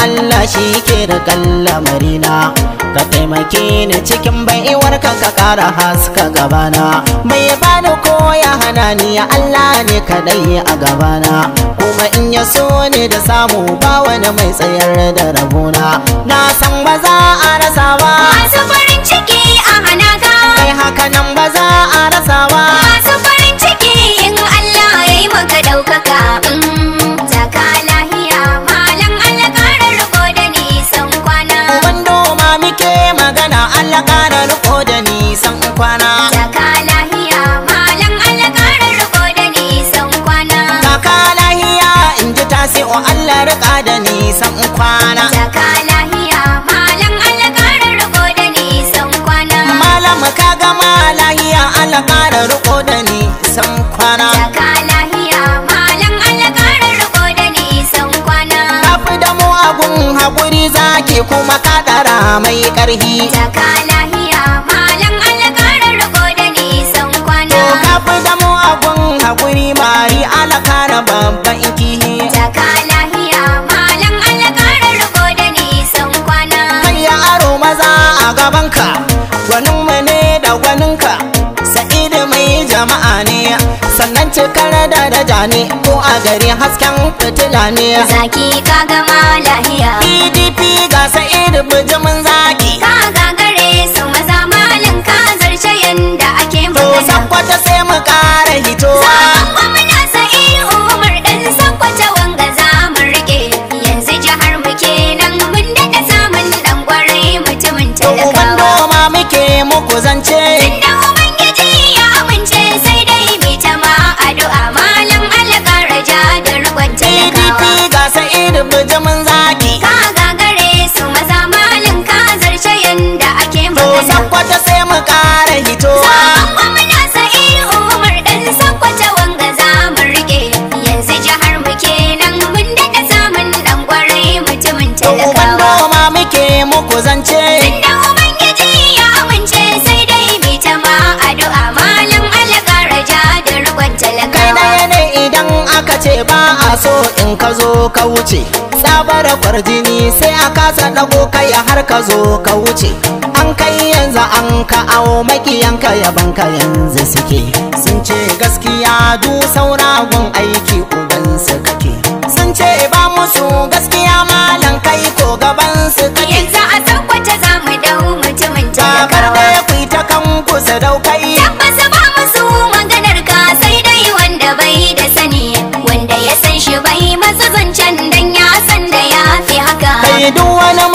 Allah shi ke rikan na ka taimake ni cikin baiwar ka ka kara haska gabana mai bani ko ya hana ni ya Allah ne kadai a gabana kuma in ya so ne da samu ba wani mai tsayar da rabona na san ba za a rasa wasi o Allah rika da nisan kwana Jaka lahiya malam Allah kara riko da nisan kwana Malam ka gama lahiya Allah kara riko da nisan kwana Jaka lahiya malam Allah kara riko da nisan kwana Kafi da mu abun hakuri zaki kuma kadara mai karhi Jaka lahiya malam Allah kara riko da nisan kwana Kafi da mu abun hakuri mari alakara babban ikihi jaka lahiya malam alakara riko da nisan kwana manya aro maza a gabanka gwanin mane da gwaninka sa'idu mai jama'a ne sannan cikar da daraja ne ko a gari hasken fitila ne zaki ka gama lahiya pdp ga sa'idu bijimin zaki aka ce ba a so in ka zo ka wuce tsabar kwarjini sai a kasa dago kai har ka zo ka wuce an kai yanzu an ka awo makiyanka ka yanzu suke sun ce gaskiya du sauragun aiki uban ubansu kake sun ce ba musu gaskiya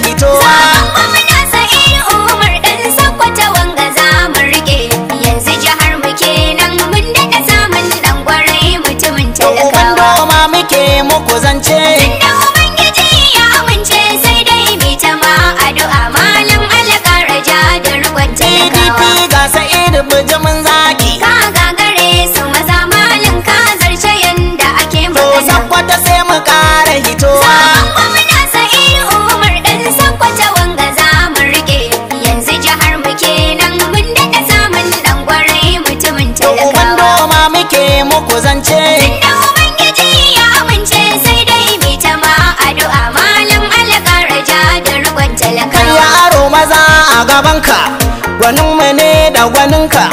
ta hitowa Sabon ɗan sa'ir umar dan sakwata wanga za mu rike yanzu jihar mu kenan mun daɗa samun dan gwarai mutumin talakawa. Uban doma muke muku zance a gabanka gwanin mu ne da gwaninka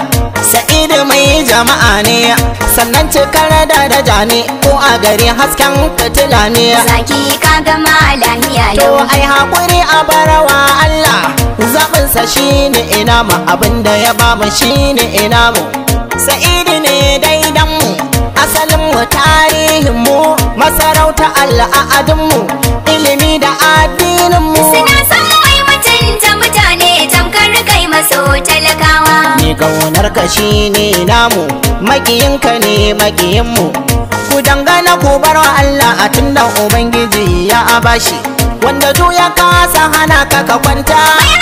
sa'idu mai jama'a ne sannan cikar da daraja ko a gari hasken fitila ne zaki ka gama lahiya yau ai hakuri a barawa Allah zaɓinsa shine ina mu abinda ya bamu shine ina mu sa'idu ne daidan mu ƙaunarka shi ne namu makiyinka ne makiyinmu ku dangana ku bar wa Allah a tunda ubangiji ya abashi wanda duk ya kasa hana ka ka kwanta